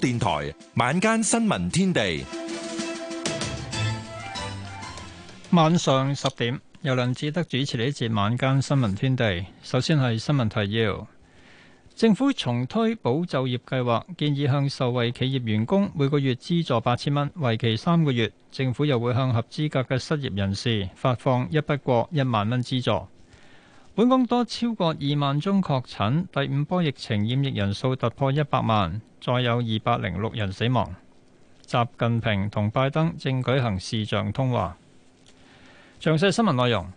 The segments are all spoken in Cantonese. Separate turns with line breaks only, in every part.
電台晚間新聞天地，晚上十點由梁志德主持呢節晚間新聞天地。首先係新聞提要：政府重推保就業計劃，建議向受惠企業員工每個月資助八千蚊，為期三個月。政府又會向合資格嘅失業人士發放一筆過一萬蚊資助。本港多超過二萬宗確診，第五波疫情染疫人數突破一百萬，再有二百零六人死亡。習近平同拜登正舉行視像通話。詳細新聞內容，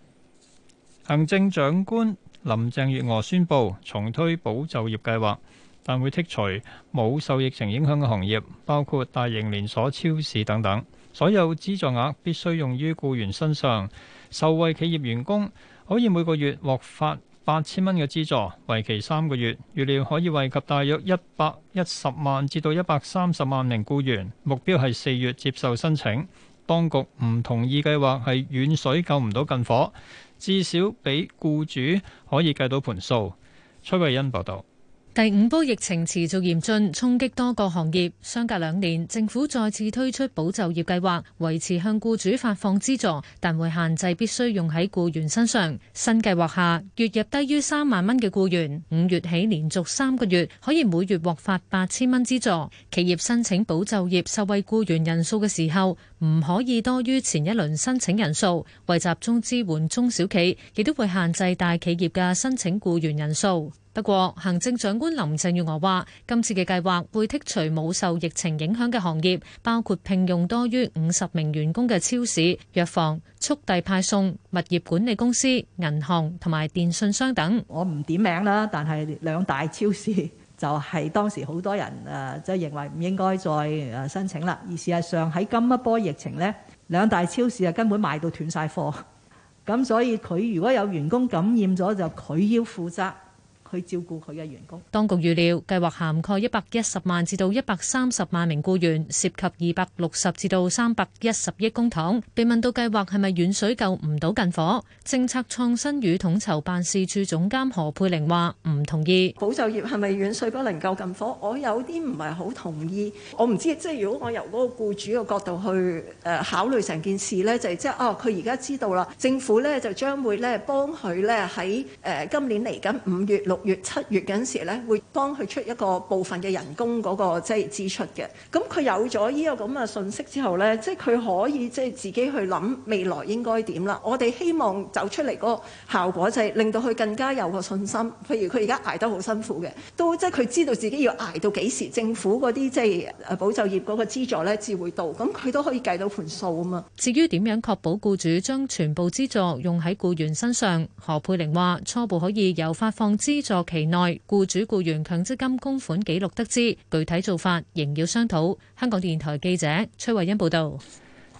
行政長官林鄭月娥宣布重推保就業計劃，但會剔除冇受疫情影響嘅行業，包括大型連鎖超市等等。所有資助額必須用於雇員身上，受惠企業員工。可以每個月獲發八千蚊嘅資助，為期三個月，預料可以惠及大約一百一十萬至到一百三十萬名僱員。目標係四月接受申請，當局唔同意計劃係遠水救唔到近火，至少俾僱主可以計到盤數。崔慧欣報道。
第五波疫情持續嚴峻，衝擊多個行業，相隔兩年，政府再次推出保就業計劃，維持向僱主發放資助，但會限制必須用喺僱員身上。新計劃下，月入低於三萬蚊嘅僱員，五月起連續三個月可以每月獲發八千蚊資助。企業申請保就業受惠僱員人數嘅時候，唔可以多於前一輪申請人數，為集中支援中小企，亦都會限制大企業嘅申請僱員人數。不過，行政長官林鄭月娥話：今次嘅計劃會剔除冇受疫情影響嘅行業，包括聘用多於五十名員工嘅超市、藥房、速遞派送、物業管理公司、銀行同埋電訊商等。我唔點名啦，但係兩大
超市就係當時好多人誒，就認為唔應該再誒申請啦。而事實上喺今一波疫情呢，兩大超市啊根本賣到斷晒貨，咁所以佢如果有員工感染咗，就佢要負責。去照顧佢嘅員工。
當局預料計劃涵蓋一百一十萬至到一百三十萬名僱員，涉及二百六十至到三百一十億公帑。被問到計劃係咪遠水救唔到近火，政策創新與統籌辦事處總監何佩玲話唔同意。保
就業係咪遠水不能救近火？我有啲唔係好同意。我唔知即係如果我由嗰個僱主嘅角度去誒、呃、考慮成件事呢，就係即係哦，佢而家知道啦，政府呢就將會咧幫佢呢。喺誒、呃、今年嚟緊五月六月七月嗰陣時咧，會幫佢出一個部分嘅人工嗰、那個即係、就是、支出嘅。咁佢有咗呢個咁嘅信息之後咧，即係，佢可以即係自己去諗未來應該點啦。我哋希望走出嚟嗰個效果就係令到佢更加有個信心。譬如佢而家挨得好辛苦嘅，都即係，佢知道自己要挨到幾時政府嗰啲即係誒保就業嗰個資助咧，至會到。咁佢都可以計到盤數啊嘛。至於點樣確保僱主將全部資助
用喺僱員身上，何佩玲話初步可以由發放資助。助期內，雇主雇員強積金供款記錄得知，具體做法仍要商討。香港電台記者崔慧欣報道，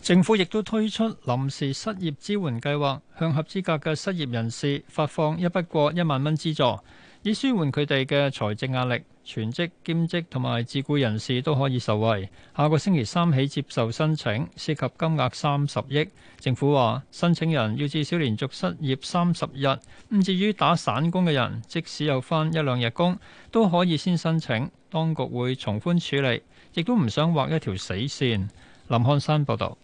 政府亦都推出臨時失業支援計劃，向合資格嘅失業人士發放一筆過一萬蚊資助，以舒緩佢哋嘅財政壓力，全職、兼職同埋自僱人士都可以受惠。下個星期三起接受申請，涉及金額三十億。政府話，申請人要至少連續失業三十日。唔至於打散工嘅人，即使有返一兩日工，都可以先申請。當局會從寬處理，亦都唔想畫一條死線。林漢山報道。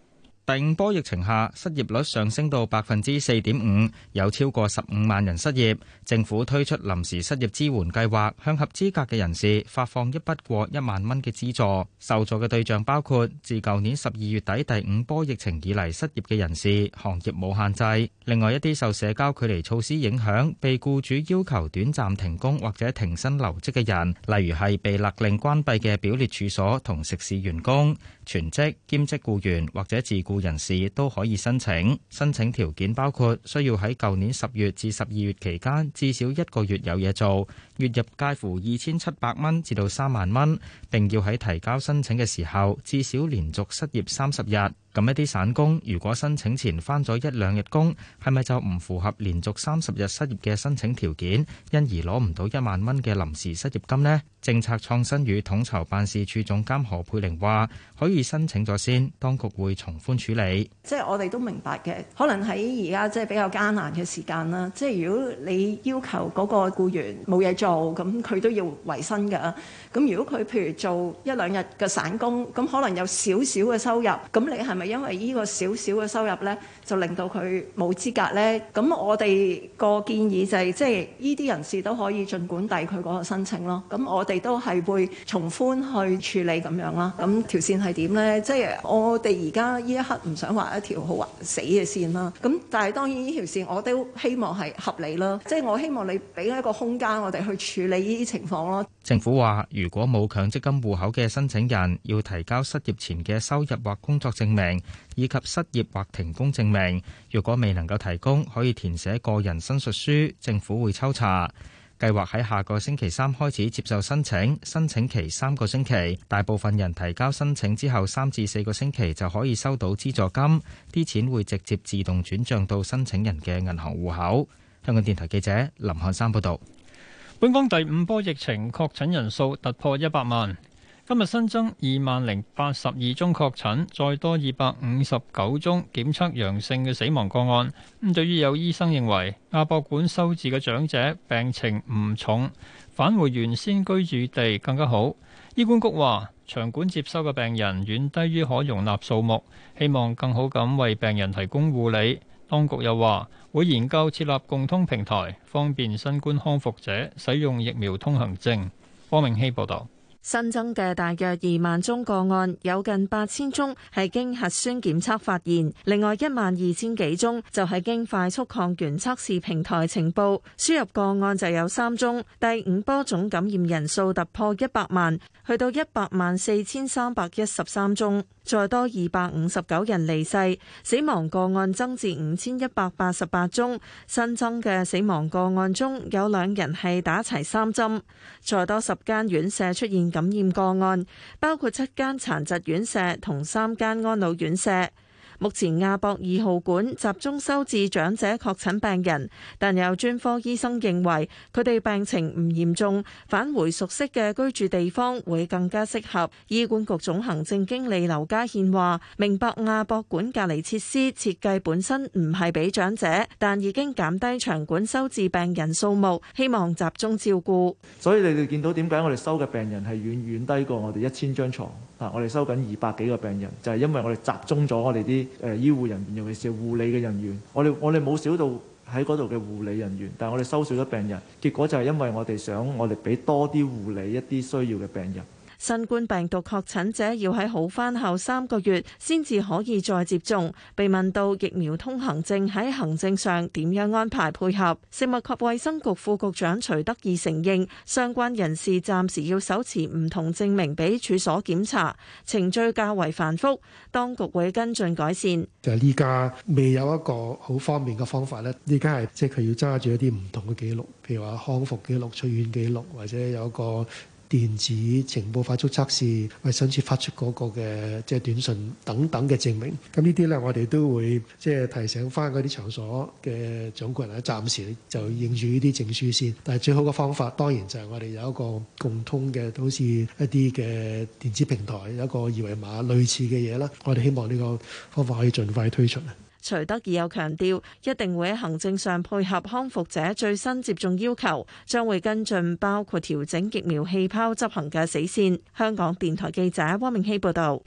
第五波疫情下，失業率上升到百分之
四點五，有超過十五萬人失業。政府推出臨時失業支援計劃，向合資格嘅人士發放一筆過一萬蚊嘅資助。受助嘅對象包括自舊年十二月底第五波疫情以嚟失業嘅人士，行業冇限制。另外一啲受社交距離措施影響，被僱主要求短暫停工或者停薪留職嘅人，例如係被勒令關閉嘅表列處所同食肆員工、全職兼職僱員或者自僱人士都可以申請，申請條件包括需要喺舊年十月至十二月期間至少一個月有嘢做，月入介乎二千七百蚊至到三萬蚊，並要喺提交申請嘅時候至少連續失業三十日。咁一啲散工，如果申請前翻咗一兩日工，係咪就唔符合連續三十日失業嘅申請條件，因而攞唔到一萬蚊嘅臨時失業金呢？政策創新與統籌辦事處總監何佩玲話：可以申請咗先，當局會從寬處理。
即係我哋都明白嘅，可能喺而家即係比較艱難嘅時間啦。即係如果你要求嗰個僱員冇嘢做，咁佢都要維生㗎。咁如果佢譬如做一兩日嘅散工，咁可能有少少嘅收入，咁你係咪？因為呢個少少嘅收入呢，就令到佢冇資格呢。咁我哋個建議就係，即係呢啲人士都可以儘管遞佢嗰個申請咯。咁我哋都係會從寬去處理咁樣啦。咁條線係點呢？即係我哋而家呢一刻唔想畫一條好死嘅線啦。咁但係當然呢條線我都希望係合理啦。即係我希望你俾一個空間我哋去處理呢啲情況咯。
政府話，如果冇強積金戶口嘅申請人要提交失業前嘅收入或工作證明。以及失業或停工證明，如果未能夠提供，可以填寫個人申述書。政府會抽查。計劃喺下個星期三開始接受申請，申請期三個星期。大部分人提交申請之後，三至四個星期就可以收到資助金。啲錢會直接自動轉賬到申請人嘅銀行戶口。香港電台記者林漢山報道。
本港第五波疫情確診人數突破一百萬。今日新增二萬零八十二宗確診，再多二百五十九宗檢測陽性嘅死亡個案。咁對於有醫生認為亞博館收治嘅長者病情唔重，返回原先居住地更加好。醫管局話場館接收嘅病人遠低於可容納數目，希望更好咁為病人提供護理。當局又話會研究設立共通平台，方便新冠康復者使用疫苗通行證。方明希報道。
新增嘅大約二萬宗個案，有近八千宗係經核酸檢測發現，另外一萬二千幾宗就係經快速抗原測試平台呈報。輸入個案就有三宗。第五波總感染人數突破一百萬，去到一百萬四千三百一十三宗。再多二百五十九人離世，死亡個案增至五千一百八十八宗。新增嘅死亡個案中有兩人係打齊三針。再多十間院舍出現感染個案，包括七間殘疾院舍同三間安老院舍。目前亞博二號館集中收治長者確診病人，但有專科醫生認為佢哋病情唔嚴重，返回熟悉嘅居住地方會更加適合。醫管局總行政經理劉家憲話，明白亞博館隔離設施設計本身唔係俾長者，但已經減低場館收治病人數目，希望集中照顧。所以
你哋見到點解我哋收嘅病人係遠遠低過我哋一千張床，嗱，我哋收緊二百幾個病人，就係因為我哋集中咗我哋啲。誒、呃、醫護人員，尤其是護理嘅人員，我哋我哋冇少到喺嗰度嘅護理人員。但係我哋收少咗病人，結果就係因為我哋想，我哋俾多啲護理，一啲需要嘅病人。
新冠病毒確診者要喺好翻後三個月先至可以再接種，被問到疫苗通行證喺行政上點樣安排配合，食物及衛生局副局長徐德義承認相關人士暫時要手持唔同證明俾處所檢查，程序較為繁複，當局會跟進改善。
就係依家未有一個好方便嘅方法咧。依家係即係佢要揸住一啲唔同嘅記錄，譬如話康復記錄，出院記錄或者有一個。電子情報快速測試，或者甚至發出嗰個嘅即係短訊等等嘅證明，咁呢啲咧我哋都會即係、就是、提醒翻嗰啲場所嘅掌管人咧，暫時就認住呢啲證書先。但係最好嘅方法當然就係我哋有一個共通嘅，好似一啲嘅電子平台，有一個二維碼類似嘅嘢啦。我哋希望呢個方法可以盡快推出啊！
徐德義又強調，一定會喺行政上配合康復者最新接種要求，將會跟進，包括調整疫苗氣泡執行嘅死線。香港電台記者汪明希報導，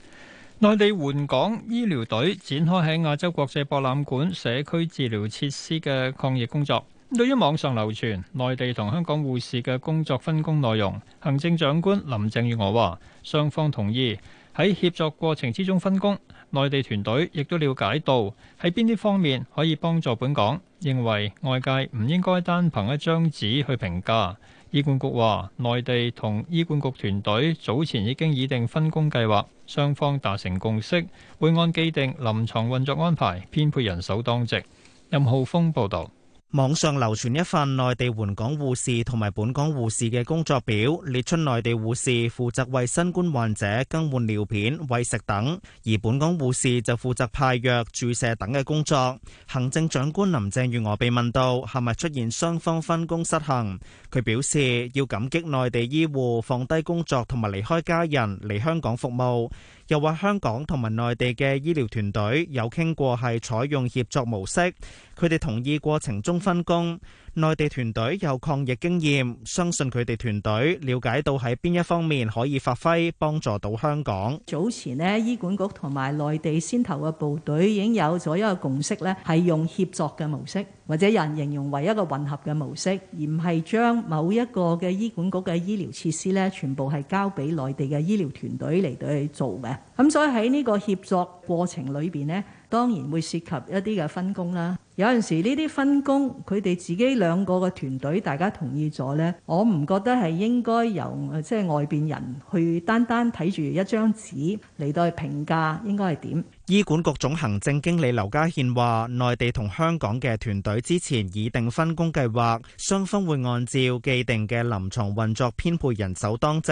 內地援港醫療隊展開喺亞洲國際博覽館社區治療設施嘅抗疫工作。咁對於網上流傳內地同香港護士嘅工作分工內容，行政長官林鄭月娥話：雙方同意喺協作過程之中分工。內地團隊亦都了解到喺邊啲方面可以幫助本港，認為外界唔應該單憑一張紙去評價。醫管局話，內地同醫管局團隊早前已經擬定分工計劃，雙方達成共識，會按既定臨床運作安排，編配人手當值。任浩
峰報導。網上流傳一份內地援港護士同埋本港護士嘅工作表，列出內地護士負責為新冠患者更換尿片、餵食等，而本港護士就負責派藥、注射等嘅工作。行政長官林鄭月娥被問到係咪出現雙方分工失衡，佢表示要感激內地醫護放低工作同埋離開家人嚟香港服務。又話香港同埋內地嘅醫療團隊有傾過，係採用協作模式。佢哋同意過程中分工。內地團隊有抗疫經驗，相信佢哋團隊了解到喺邊一方面可以發揮幫助到香港。早
前呢，醫管局同埋內地先頭嘅部隊已經有咗一個共識咧，係用協作嘅模式，或者有人形容為一個混合嘅模式，而唔係將某一個嘅醫管局嘅醫療設施咧，全部係交俾內地嘅醫療團隊嚟去做嘅。咁所以喺呢個協作過程裏邊呢。當然會涉及一啲嘅分工啦，有陣時呢啲分工佢哋自己兩個嘅團隊大家同意咗呢。我唔覺得係應該由即係、就是、外邊人去單單睇住一張紙嚟到去評價應該係點？
醫管局總行政經理劉家軒話，內地同香港嘅團隊之前已定分工計劃，雙方會按照既定嘅臨床運作編配人手當值。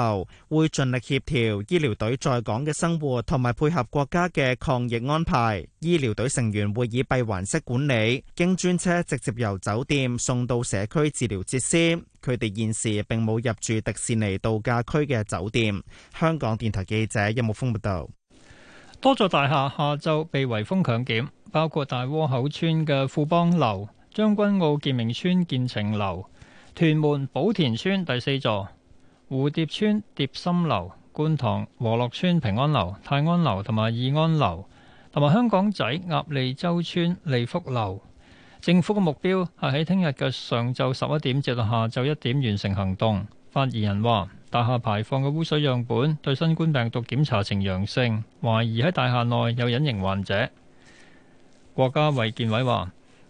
會盡力協調醫療隊在港嘅生活，同埋配合國家嘅抗疫安排。醫療隊成員會以閉環式管理，經專車直接由酒店送到社區治療設施。佢哋現時並冇入住迪士尼度假區嘅酒店。香港電台記者任木峰報道。
多座大廈下晝被圍封強檢，包括大窩口村嘅富邦樓、將軍澳建明村建成樓、屯門寶田村第四座。蝴蝶村、蝶心樓、觀塘和樂村、平安樓、泰安樓同埋義安樓，同埋香港仔鴨脷洲村利福樓。政府嘅目標係喺聽日嘅上晝十一點至到下晝一點完成行動。發言人話大廈排放嘅污水樣本對新冠病毒檢查呈陽性，懷疑喺大廈內有隱形患者。國家衛健委話。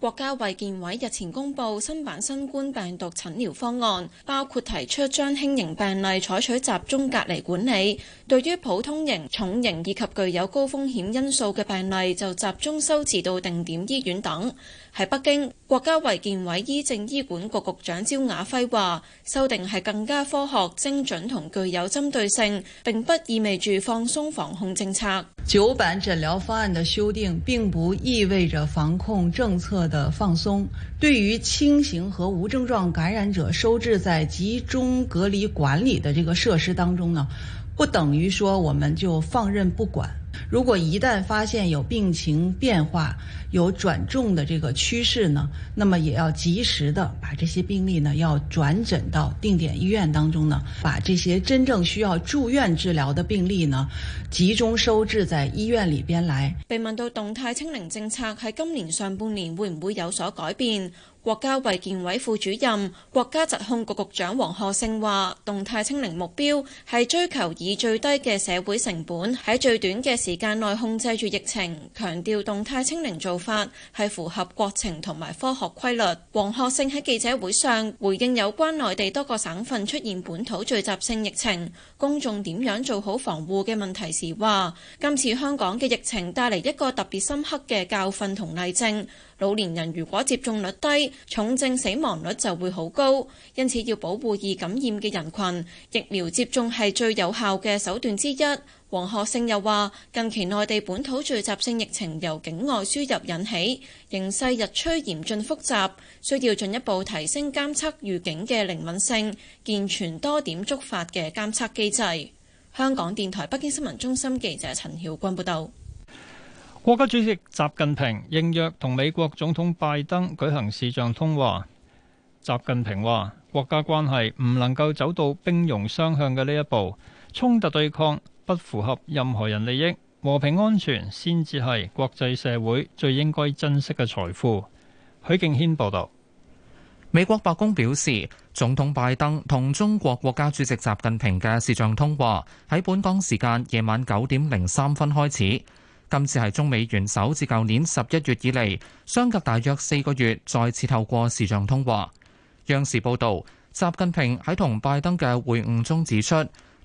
國家衛健委日前公布新版新冠病毒診療方案，包括提出將輕型病例採取集中隔離管理，對於普通型、重型以及具有高風險因素嘅病例就集中收治到定點醫院等。喺北京，國家衛健委醫政醫管局局長焦雅輝話：修訂係更加科學、精準同具有針對性，並不意味住放鬆防控政策。
九版診療方案的修訂並不意味著防控政策的放鬆。對於輕型和無症狀感染者收治在集中隔離管理的這個設施當中呢，不等於說我們就放任不管。如果一旦發現有病情變化，有轉重的這個趨勢呢，那麼也要及時的把這些病例呢，要轉診到定點醫院當中呢，把這些真正需要住院治療的病例呢，集中收治在醫院裏邊來。
被問到動態清零政策喺今年上半年會唔會有所改變？國家衛健委副主任、國家疾控局局長王賀勝話：動態清零目標係追求以最低嘅社會成本喺最短嘅時間內控制住疫情，強調動態清零做。法係符合國情同埋科學規律。王賀勝喺記者會上回應有關內地多個省份出現本土聚集性疫情，公眾點樣做好防護嘅問題時，話今次香港嘅疫情帶嚟一個特別深刻嘅教訓同例證。老年人如果接種率低，重症死亡率就會好高，因此要保護易感染嘅人群，疫苗接種係最有效嘅手段之一。黃學勝又話：近期內地本土聚集性疫情由境外輸入引起。形勢日趨嚴峻複雜，需要進一步提升監測預警嘅靈敏性，健全多點觸發嘅監測機制。香港電台北京新聞中心記者陳曉君報導。
國家主席習近平應約同美國總統拜登舉行視像通話。習近平話：國家關係唔能夠走到兵戎相向嘅呢一步，衝突對抗不符合任何人利益。和平安全先至係國際社會最應該珍惜嘅財富。許敬軒報道，美國白宮表示，總統拜登同
中國國家主席習近平嘅視像通話喺本港時間夜晚九點零三分開始。今次係中美元首自舊年十一月以嚟相隔大約四個月，再次透過視像通話。央視報道，習近平喺同拜登嘅會晤中指出。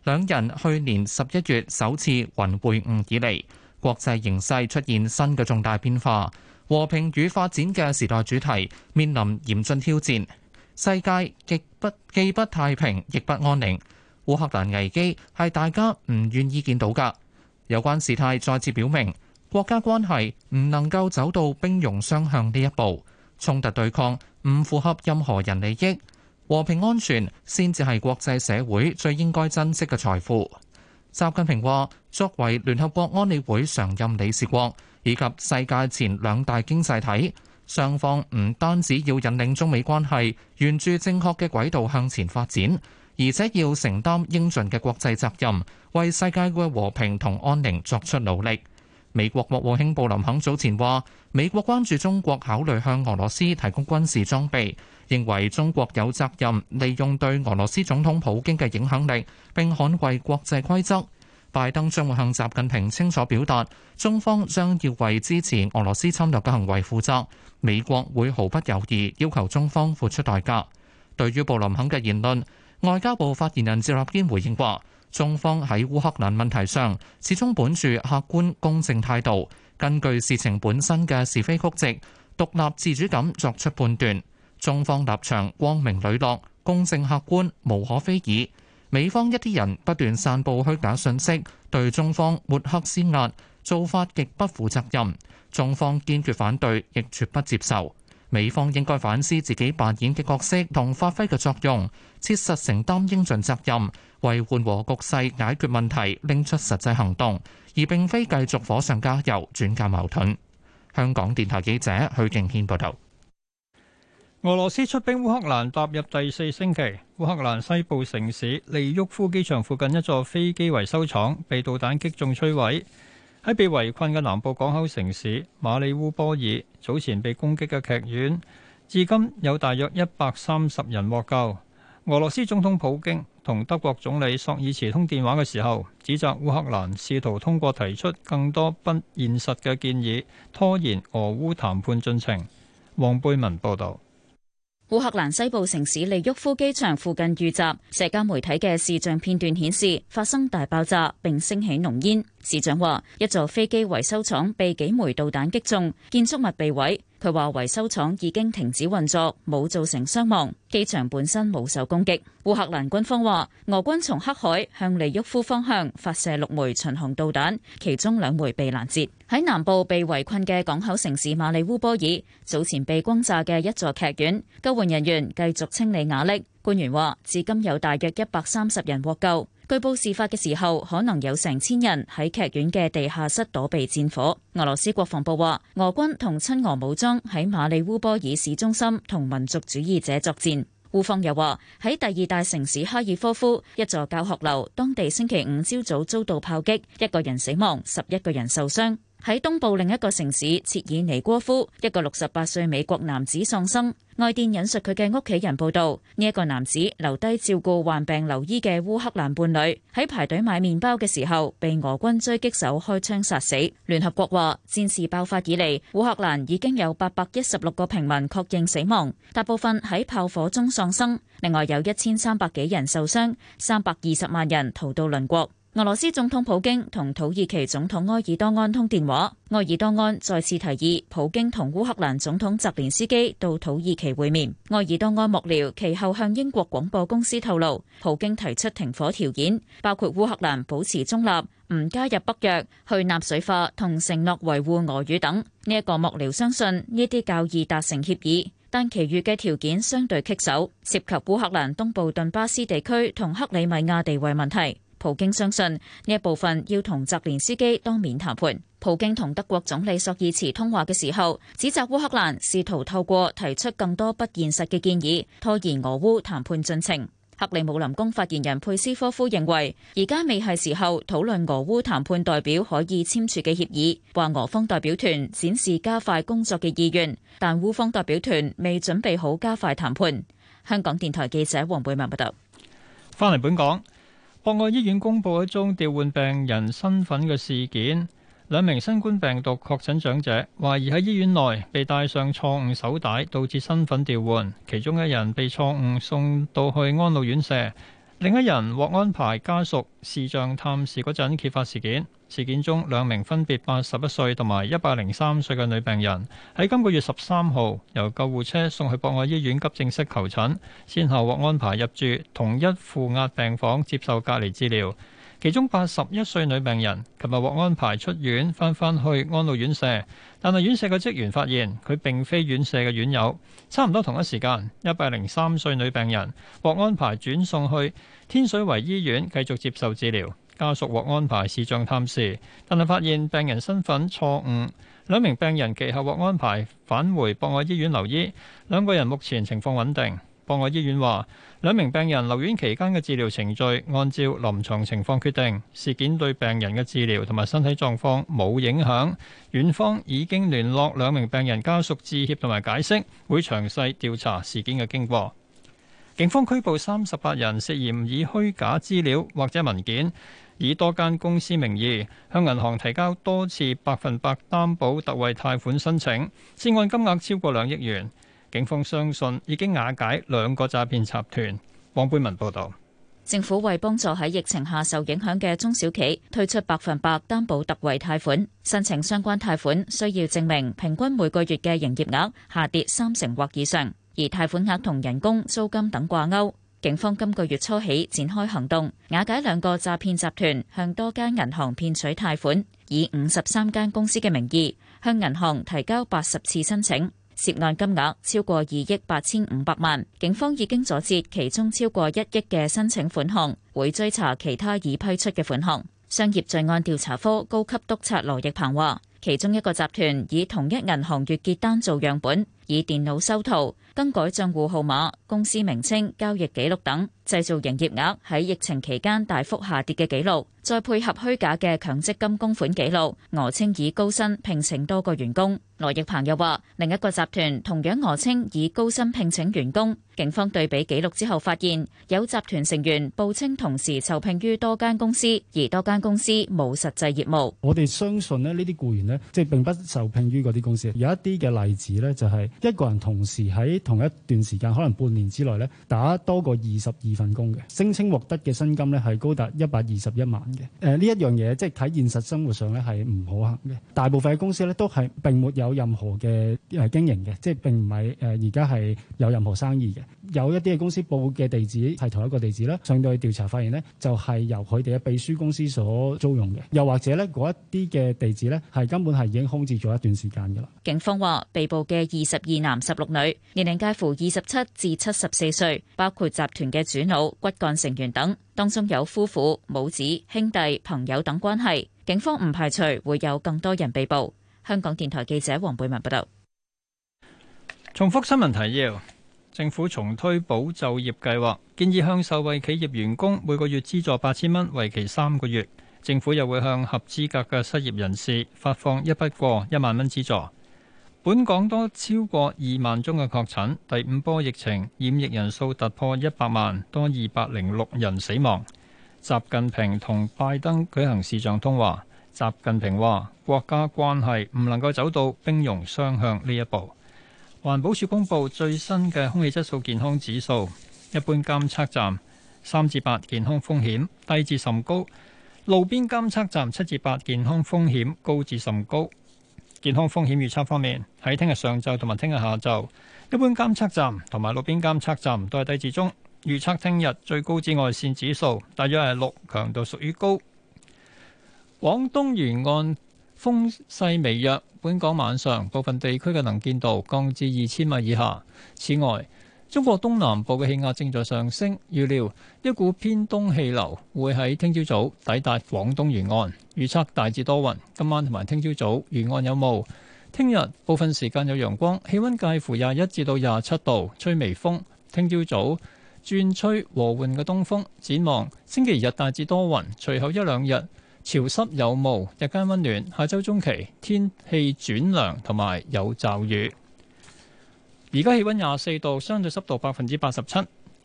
兩人去年十一月首次雲會晤以來，國際形勢出現新嘅重大變化，和平與發展嘅時代主題面臨嚴峻挑戰，世界極不，既不太平，亦不安寧。烏克蘭危機係大家唔願意見到嘅。有關事態再次表明，國家關係唔能夠走到兵戎相向呢一步，衝突對抗唔符合任何人利益。和平安全先至係國際社會最應該珍惜嘅財富。習近平話作為聯合國安理會常任理事國以及世界前兩大經濟體，雙方唔單止要引領中美關係沿住正確嘅軌道向前發展，而且要承擔應盡嘅國際責任，為世界嘅和平同安寧作出努力。美國國務卿布林肯早前話：美國關注中國考慮向俄羅斯提供軍事裝備，認為中國有責任利用對俄羅斯總統普京嘅影響力，並捍衛國際規則。拜登將會向習近平清楚表達，中方將要為支持俄羅斯侵略嘅行為負責，美國會毫不猶豫要求中方付出代價。對於布林肯嘅言論，外交部發言人趙立堅回應話。中方喺烏克蘭問題上始終本住客觀公正態度，根據事情本身嘅是非曲直，獨立自主咁作出判斷。中方立場光明磊落、公正客觀，無可非議。美方一啲人不斷散布虛假信息，對中方抹黑施壓做法極不負責任，中方堅決反對，亦絕不接受。美方應該反思自己扮演嘅角色同發揮嘅作用，切實承擔應盡責任，為緩和局勢、解決問題，拎出實際行動，而並非繼續火上加油、轉嫁矛盾。香港電台記者許敬軒報導。
俄羅斯出兵烏克蘭踏入第四星期，烏克蘭西部城市利沃夫機場附近一座飛機維修廠被導彈擊中摧毀。喺被圍困嘅南部港口城市馬里烏波爾，早前被攻擊嘅劇院，至今有大約一百三十人獲救。俄羅斯總統普京同德國總理索爾茨通電話嘅時候，指責烏克蘭試圖通過提出更多不現實嘅建議，拖延俄烏談判進程。黃貝文報道。
烏克蘭西部城市利沃夫機場附近遇襲，社交媒體嘅視像片段顯示發生大爆炸，並升起濃煙。市長話，一座飛機維修廠被幾枚導彈擊中，建築物被毀。佢話維修廠已經停止運作，冇造成傷亡。機場本身冇受攻擊。烏克蘭軍方話，俄軍從黑海向利沃夫方向發射六枚巡航導彈，其中兩枚被攔截。喺南部被圍困嘅港口城市馬里烏波爾，早前被轟炸嘅一座劇院，救援人員繼續清理瓦礫。官員話，至今有大約一百三十人獲救。據報事發嘅時候，可能有成千人喺劇院嘅地下室躲避戰火。俄羅斯國防部話，俄軍同親俄武裝喺馬里烏波爾市中心同民族主義者作戰。烏方又話，喺第二大城市哈爾科夫，一座教學樓當地星期五朝早遭到炮擊，一個人死亡，十一個人受傷。喺東部另一個城市切爾尼戈夫，一個六十八歲美國男子喪生。外電引述佢嘅屋企人報道，呢、這、一個男子留低照顧患病留醫嘅烏克蘭伴侶，喺排隊買麵包嘅時候被俄軍狙擊手開槍殺死。聯合國話，戰事爆發以嚟，烏克蘭已經有八百一十六個平民確認死亡，大部分喺炮火中喪生。另外有一千三百幾人受傷，三百二十萬人逃到鄰國。俄羅斯總統普京同土耳其總統埃爾多安通電話，埃爾多安再次提議普京同烏克蘭總統澤連斯基到土耳其會面。埃爾多安幕僚其後向英國廣播公司透露，普京提出停火條件，包括烏克蘭保持中立、唔加入北約、去納粹化同承諾維護俄語等。呢一個幕僚相信呢啲較易達成協議，但其餘嘅條件相對棘手，涉及烏克蘭東部頓巴斯地區同克里米亞地位問題。普京相信呢一部分要同澤連斯基當面談判。普京同德國總理索爾茨通話嘅時候，指責烏克蘭試圖透過提出更多不現實嘅建議，拖延俄烏談判進程。克里姆林宮發言人佩斯科夫認為，而家未係時候討論俄烏談判代表可以簽署嘅協議。話俄方代表團展示加快工作嘅意願，但烏方代表團未準備好加快談判。香港電台記者黃貝文報道。
翻嚟本港。博愛醫院公布一宗調換病人身份嘅事件，兩名新冠病毒確診長者懷疑喺醫院內被戴上錯誤手帶，導致身份調換。其中一人被錯誤送到去安老院舍，另一人獲安排家屬視像探視嗰陣揭發事件。事件中，兩名分別八十一歲同埋一百零三歲嘅女病人，喺今個月十三號由救護車送去博愛醫院急症室求診，先後獲安排入住同一負壓病房接受隔離治療。其中八十一歲女病人琴日獲安排出院，翻返去安老院舍，但係院舍嘅職員發現佢並非院舍嘅院友。差唔多同一時間，一百零三歲女病人獲安排轉送去天水圍醫院繼續接受治療。家屬獲安排視像探視，但係發現病人身份錯誤。兩名病人其後獲安排返回博愛醫院留醫，兩個人目前情況穩定。博愛醫院話，兩名病人留院期間嘅治療程序按照臨床情況決定，事件對病人嘅治療同埋身體狀況冇影響。院方已經聯絡兩名病人家屬致歉同埋解釋，會詳細調查事件嘅經過。警方拘捕三十八人涉嫌以虛假資料或者文件。以多間公司名義向銀行提交多次百分百擔保特惠貸款申請，涉案金額超過兩億元。警方相信已經瓦解兩個詐騙集團。黃貝文報導。
政府為幫助喺疫情下受影響嘅中小企推出百分百擔保特惠貸款，申請相關貸款需要證明平均每個月嘅營業額下跌三成或以上，而貸款額同人工、租金等掛鈎。警方今個月初起展開行動，瓦解兩個詐騙集團，向多間銀行騙取貸款，以五十三間公司嘅名義向銀行提交八十次申請，涉案金額超過二億八千五百萬。警方已經阻截其中超過一億嘅申請款項，會追查其他已批出嘅款項。商業罪案調查科高級督察羅奕鵬話，其中一個集團以同一銀行月結單做樣本。以電腦修圖、更改帳戶號碼、公司名稱、交易記錄等，製造營業額喺疫情期間大幅下跌嘅記錄，再配合虛假嘅強積金供款記錄，訛稱以高薪聘請多個員工。羅奕鵬又話：另一個集團同樣訛稱以高薪聘請員工。警方對比記錄之後發現，有集團成員報稱同時受聘於多間公司，而多間公司冇實際業務。我哋
相信呢啲僱員呢，即係並不受聘於嗰啲公司。有一啲嘅例子呢，就係。一個人同時喺同一段時間，可能半年之內咧，打多過二十二份工嘅，聲稱獲得嘅薪金咧係高達一百二十一萬嘅。誒呢一樣嘢即係喺現實生活上咧係唔可行嘅。大部分嘅公司咧都係並沒有任何嘅誒經營嘅，即係並唔係誒而家係有任何生意嘅。有一啲嘅公司報嘅地址係同一個地址啦，
上到去調查發現呢就係由佢哋嘅秘書公司所租用嘅，又或者呢嗰一啲
嘅地址呢，係根本係已經空置咗一段時間㗎喇。
警方話，被捕嘅二十二男十六女，年齡介乎二十七至七十四歲，包括集團嘅主腦、骨幹成員等，當中有夫婦、母子、兄弟、朋友等關係。警方唔排除會有更多人被捕。香港電台記者黃貝文報道。
重複新聞提要。政府重推保就業計劃，建議向受惠企業員工每個月資助八千蚊，為期三個月。政府又會向合資格嘅失業人士發放一筆過一萬蚊資助。本港多超過二萬宗嘅確診，第五波疫情染疫人數突破一百萬，多二百零六人死亡。習近平同拜登舉行視像通話，習近平話國家關係唔能夠走到兵戎相向呢一步。環保署公布最新嘅空氣質素健康指數，一般監測站三至八健康風險低至甚高，路邊監測站七至八健康風險高至甚高。健康風險預測方面，喺聽日上晝同埋聽日下晝，一般監測站同埋路邊監測站都係低至中。預測聽日最高紫外線指數大約係六，強度屬於高。廣東沿岸風勢微弱。本港晚上部分地區嘅能見度降至二千米以下。此外，中國東南部嘅氣壓正在上升，預料一股偏東氣流會喺聽朝早抵達廣東沿岸。預測大致多雲，今晚同埋聽朝早沿岸有霧。聽日部分時間有陽光，氣温介乎廿一至到廿七度，吹微風。聽朝早轉吹和緩嘅東風。展望星期日大致多雲，隨後一兩日。潮濕有霧，日間溫暖。下周中期天氣轉涼，同埋有驟雨。而家氣温廿四度，相對濕度百分之八十七。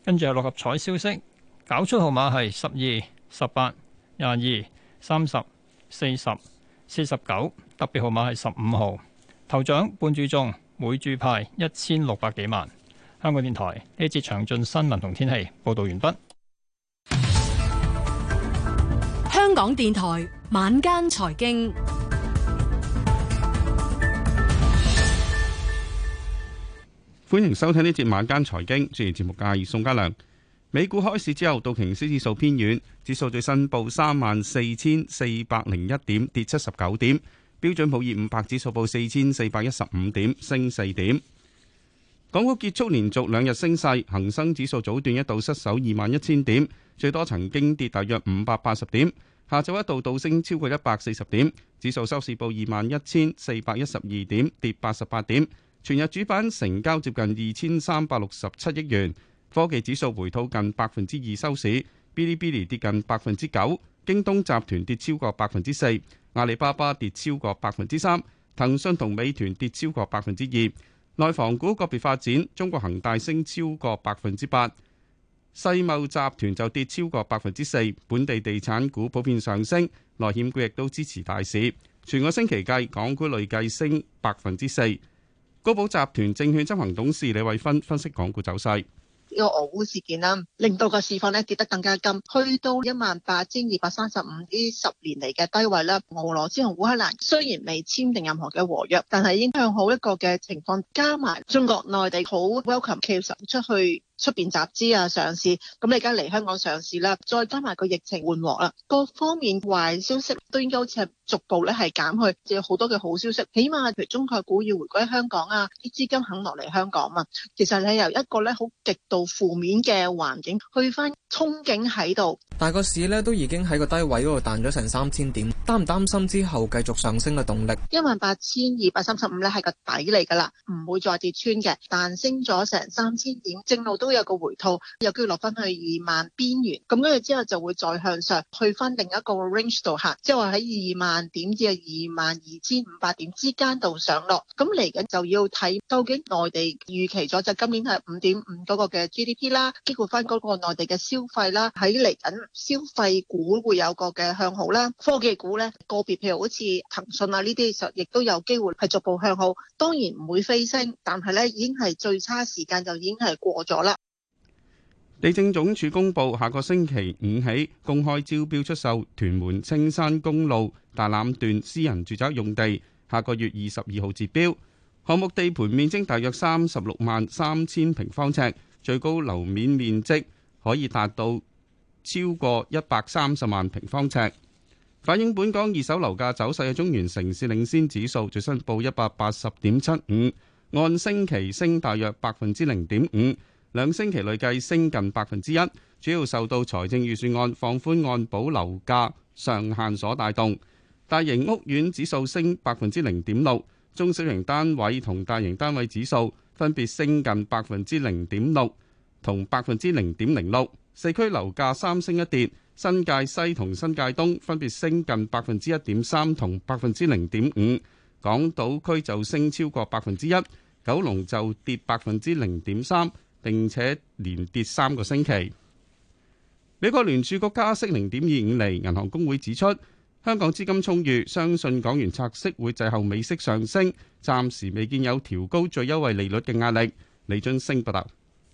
跟住有六合彩消息，搞出號碼係十二、十八、廿二、三十、四十、四十九。特別號碼係十五號。頭獎半注中，每注派一千六百幾萬。香港電台呢節詳盡新聞同天氣報道完畢。
港電台晚間財經，
歡迎收聽呢節晚間財經。主持節目嘅係宋家良。美股開市之後，道瓊斯指數偏軟，指數最新報三萬四千四百零一點，跌七十九點。標準普爾五百指數報四千四百一十五點，升四點。港股結束連續兩日升勢，恒生指數早段一度失守二萬一千點，最多曾經跌大約五百八十點。下晝一度倒升超過一百四十點，指數收市報二萬一千四百一十二點，跌八十八點。全日主板成交接近二千三百六十七億元。科技指數回吐近百分之二收市，Bilibili 跌近百分之九，京東集團跌超過百分之四，阿里巴巴跌超過百分之三，騰訊同美團跌超過百分之二。內房股個別發展，中國恒大升超過百分之八。世貿集團就跌超過百分之四，本地地產股普遍上升，內險股亦都支持大市。全個星期計，港股累計升百分之四。高寶集團證券執行董事李慧芬分析港股走勢：
呢個俄烏事件啦，令到個市況咧跌得更加急，去到一萬八千二百三十五啲十年嚟嘅低位啦。俄羅斯同烏克蘭雖然未簽訂任何嘅和約，但係已經向好一個嘅情況，加埋中國內地好 welcome 企業出去。出邊集資啊，上市，咁你而家嚟香港上市啦，再加埋個疫情緩和啦，各方面壞消息都應該好似係逐步咧係減去，又有好多嘅好消息，起碼譬如中概股要回歸香港啊，啲資金肯落嚟香港啊，其實你由一個咧好極度負面嘅環境去翻憧憬喺度，
但係個市咧都已經喺個低位嗰度彈咗成三千點，擔唔擔心之後繼續上升嘅動力？
一萬八千二百三十五咧係個底嚟㗎啦，唔會再跌穿嘅，彈升咗成三千點，正路都。都有個回吐，有機會落翻去二萬邊緣，咁跟住之後就會再向上去翻另一個 range 度行，即係話喺二萬點至係二萬二千五百點之間度上落。咁嚟緊就要睇究竟內地預期咗就今年係五點五嗰個嘅 GDP 啦，包括翻嗰個內地嘅消費啦，喺嚟緊消費股會有個嘅向好啦，科技股咧個別譬如好似騰訊啊呢啲，實亦都有機會係逐步向好。當然唔會飛升，但係咧已經係最差時間就已經係過咗啦。
地政總署公布，下個星期五起公開招標出售屯門青山公路大欖段私人住宅用地，下個月二十二號截標。項目地盤面積大約三十六萬三千平方尺，最高樓面面積可以達到超過一百三十萬平方尺。反映本港二手樓價走勢嘅中原城市領先指數最新報一百八十點七五，按星期升大約百分之零點五。兩星期累計升近百分之一，主要受到財政預算案放寬按保樓價上限所帶動。大型屋苑指數升百分之零點六，中小型單位同大型單位指數分別升近百分之零點六同百分之零點零六。四區樓價三升一跌，新界西同新界東分別升近百分之一點三同百分之零點五，港島區就升超過百分之一，九龍就跌百分之零點三。並且連跌三個星期。美國聯儲局加息零點二五厘，銀行公會指出香港資金充裕，相信港元拆息會滯後美息上升，暫時未見有調高最優惠利率嘅壓力。李俊升報道。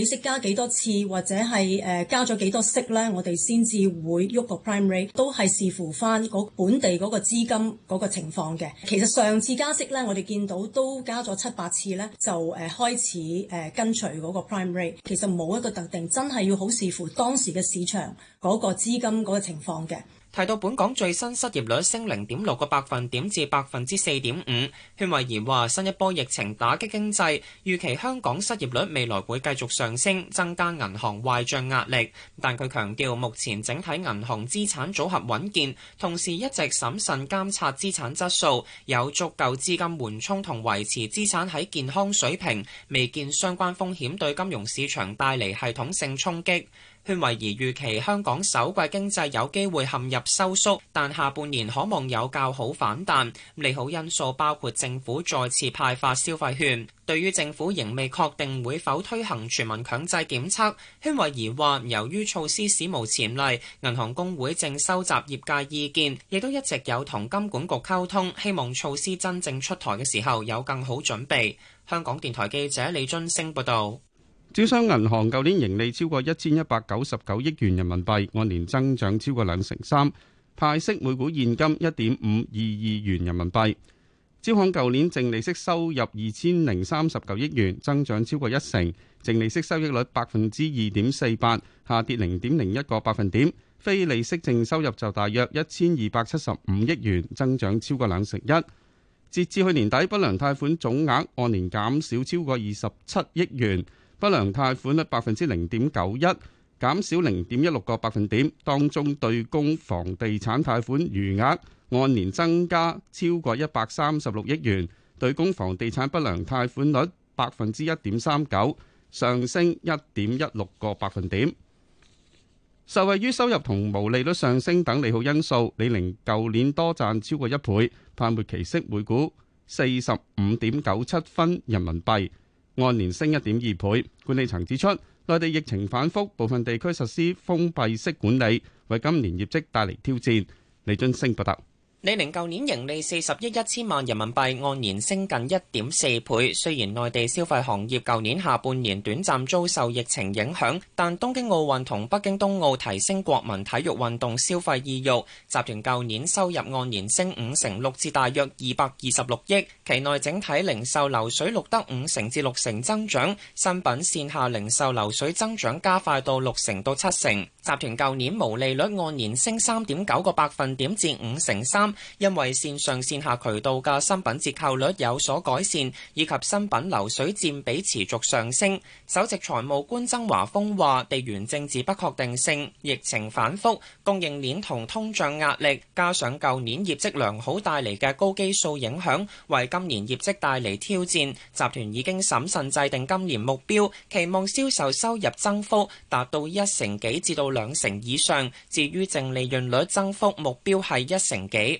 加息加幾多次或者係誒加咗幾多息咧？我哋先至會喐個 prime rate，都係視乎返本地嗰個資金嗰個情況嘅。其實上次加息咧，我哋見到都加咗七八次咧，就誒開始誒跟隨嗰個 prime rate。其實冇一個特定，真係要好視乎當時嘅市場嗰個資金嗰個情況嘅。
提到本港最新失業率升零點六個百分點至百分之四點五，禤惠怡話：新一波疫情打擊經濟，預期香港失業率未來會繼續上升，增加銀行壞帳壓力。但佢強調，目前整體銀行資產組合穩健，同時一直審慎監察資產質素，有足夠資金緩衝同維持資產喺健康水平，未見相關風險對金融市場帶嚟系統性衝擊。禤慧怡預期香港首季經濟有機會陷入收縮，但下半年可望有較好反彈。利好因素包括政府再次派發消費券。對於政府仍未確定會否推行全民強制檢測，禤慧怡話：由於措施史無前例，銀行公會正收集業界意見，亦都一直有同金管局溝通，希望措施真正出台嘅時候有更好準備。香港電台記者李津升報道。
招商銀行舊年盈利超過一千一百九十九億元人民幣，按年增長超過兩成三，派息每股現金一點五二二元人民幣。招行舊年淨利息收入二千零三十九億元，增長超過一成，淨利息收益率百分之二點四八，下跌零點零一個百分點。非利息淨收入就大約一千二百七十五億元，增長超過兩成一。截至去年底，不良貸款總額按年減少超過二十七億元。不良貸款率百分之零點九一，減少零點一六個百分點。當中對公房地產貸款餘額按年增加超過一百三十六億元，對公房地產不良貸款率百分之一點三九，上升一點一六個百分點。受惠於收入同毛利率上升等利好因素，李寧舊年多賺超過一倍，派末期息每股四十五點九七分人民幣。按年升一點二倍，管理層指出，內地疫情反覆，部分地區實施封閉式管理，為今年業績帶嚟挑戰，李俊升報道。
李寧舊年盈利四十億一千萬人民幣，按年升近一點四倍。雖然內地消費行業舊年下半年短暫遭受疫情影響，但東京奧運同北京冬奧提升國民體育運動消費意欲。集團舊年收入按年升五成六至大約二百二十六億，期內整體零售流水錄得五成至六成增長，新品線下零售流水增長加快到六成到七成。集團舊年毛利率按年升三點九個百分點至五成三。因為線上線下渠道嘅新品折扣率有所改善，以及新品流水佔比持續上升。首席財務官曾華峰話，地緣政治不確定性、疫情反覆、供應鏈同通脹壓力，加上舊年業績良好帶嚟嘅高基數影響，為今年業績帶嚟挑戰。集團已經審慎制定今年目標，期望銷售收入增幅達到一成幾至到兩成以上。至於淨利潤率增幅目標係一成幾。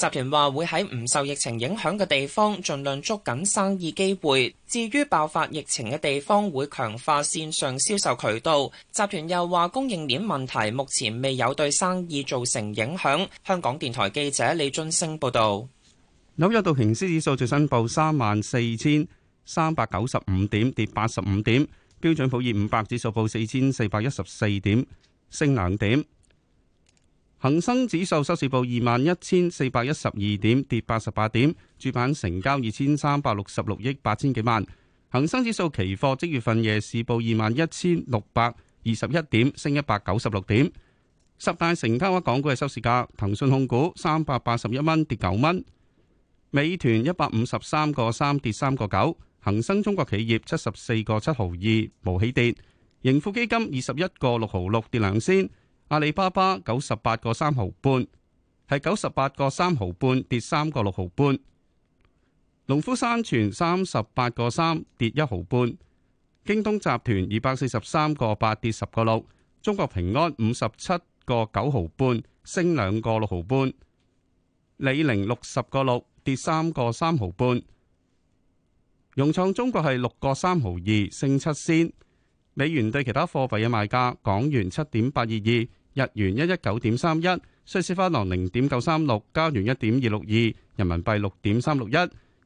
集團話會喺唔受疫情影響嘅地方盡量捉緊生意機會，至於爆發疫情嘅地方會強化線上銷售渠道。集團又話供應鏈問題目前未有對生意造成影響。香港電台記者李津升報道。
紐約道瓊斯指數最新報三萬四千三百九十五點，跌八十五點。標準普爾五百指數報四千四百一十四點，升兩點。恒生指數收市報二萬一千四百一十二點，跌八十八點。主板成交二千三百六十六億八千幾萬。恒生指數期貨即月份夜市報二萬一千六百二十一點，升一百九十六點。十大成交額港股嘅收市價：騰訊控股三百八十一蚊，跌九蚊；美團一百五十三個三，跌三個九；恒生中國企業七十四個七毫二，無起跌；盈富基金二十一個六毫六，跌兩仙。阿里巴巴九十八個三毫半，係九十八個三毫半，跌三個六毫半。農夫山泉三十八個三，跌一毫半。京東集團二百四十三個八，跌十個六。中國平安五十七個九毫半，升兩個六毫半。李寧六十個六，跌三個三毫半。融創中國係六個三毫二，升七仙。美元對其他貨幣嘅賣價，港元七點八二二。日元一一九點三一，瑞士法郎零點九三六，加元一點二六二，人民幣六點三六一，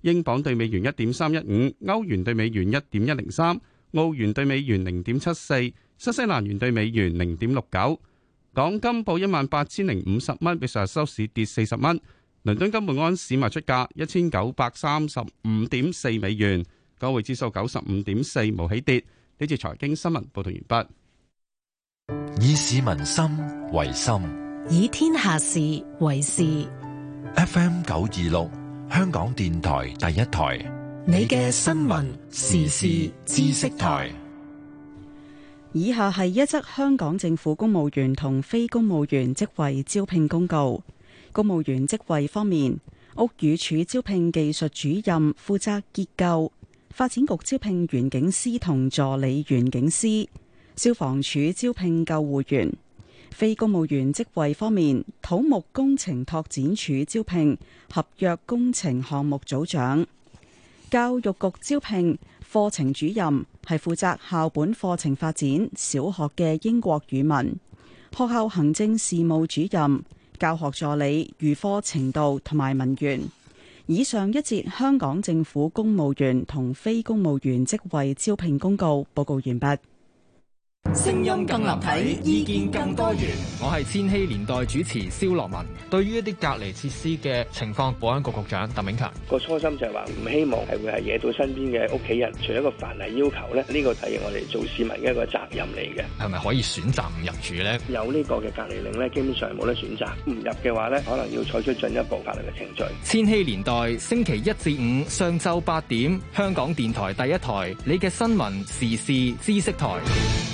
英鎊對美元一點三一五，歐元對美元一點一零三，澳元對美元零點七四，新西蘭元對美元零點六九。港金報一萬八千零五十蚊，比上日收市跌四十蚊。倫敦金每安士賣出價一千九百三十五點四美元，港匯指數九十五點四，冇起跌。呢次財經新聞報道完畢。以市民心為心，以天下
事為事。
F. M. 九二六，香港電台第一台，你嘅新聞時事知識台。
以下係一則香港政府公務員同非公務員職位招聘公告。公務員職位方面，屋宇署招聘技術主任，負責結構，發展局招聘園境師同助理園境師。消防處招聘救護員，非公務員職位方面，土木工程拓展署招聘合約工程項目組長，教育局招聘課程主任，係負責校本課程發展。小學嘅英國語文學校行政事務主任、教學助理、預科程度同埋文員。以上一節香港政府公務員同非公務員職位招聘公告報告完畢。
聲音更立體，意見更多元。我係千禧年代主持蕭樂文。對於一啲隔離設施嘅情況，保安局局長鄧炳強
個初心就係話，唔希望係會係惹到身邊嘅屋企人。除咗一個法例要求咧，呢、這個係我哋做市民嘅一個責任嚟嘅。
係咪可以選擇唔入住
咧？有呢個嘅隔離令咧，基本上冇得選擇。唔入嘅話咧，可能要採取進一步法律嘅程序。
千禧年代星期一至五上晝八點，香港電台第一台你嘅新聞時事知識台。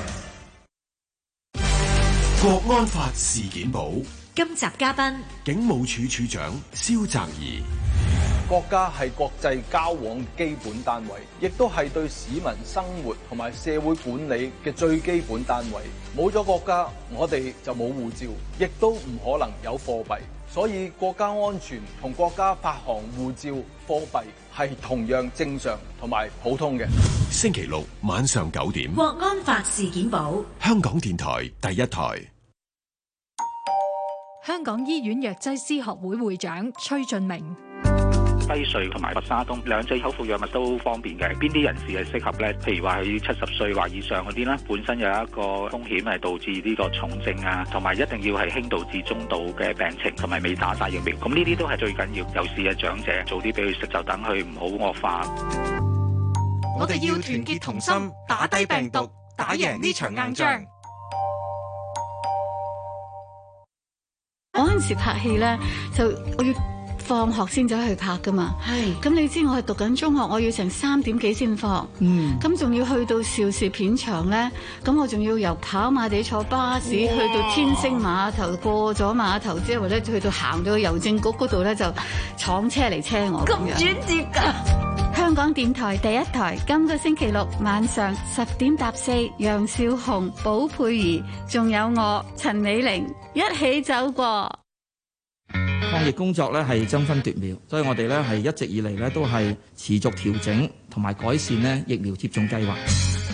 國安法事件簿，
今集嘉賓
警務處處，處長蕭澤頤。國家係國際交往基本單位，亦都係對市民生活同埋社會管理嘅最基本
單位。冇咗國家，我哋就冇護照，亦都唔可能有貨幣。所以國家安全同國家發行護照、貨幣係同樣正
常同埋普通嘅。星期六晚上九點，
國安法事件簿，
香港電台第一台。
香港醫院藥劑師學會會長崔俊明
輝瑞同埋默沙東兩劑口服藥物都方便嘅，邊啲人士係適合呢？譬如話佢七十歲或以上嗰啲啦，本身有一個風險係導致呢個重症啊，同埋一定要係輕度至中度嘅病情，同埋未打晒疫苗，咁呢啲都係最緊要。尤其是長者，早啲俾佢食，就等佢唔好惡化。
我哋要團結同心，同心打低病毒，打贏呢場硬仗。嗰陣時拍戲咧，
就我要放學先走去拍噶嘛。係咁是，你知我係讀緊中學，我要成三點幾先放。嗯，咁仲要去到邵氏片場咧，咁我仲要由跑馬地坐巴士去到天星碼頭，過咗碼頭之後咧，去到行到郵政局嗰度咧，就廠車嚟車我咁樣轉接。 香港電台第一台，今個星期六晚上十點，踏四，楊少雄、寶佩兒，仲有我陳美玲，一起走過。
抗疫工作咧係爭分奪秒，所以我哋咧係一直以嚟咧都係持續調整同埋改善咧疫苗接種計劃。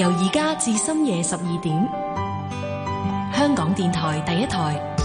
由而家至深夜十二點，香港電台第一台。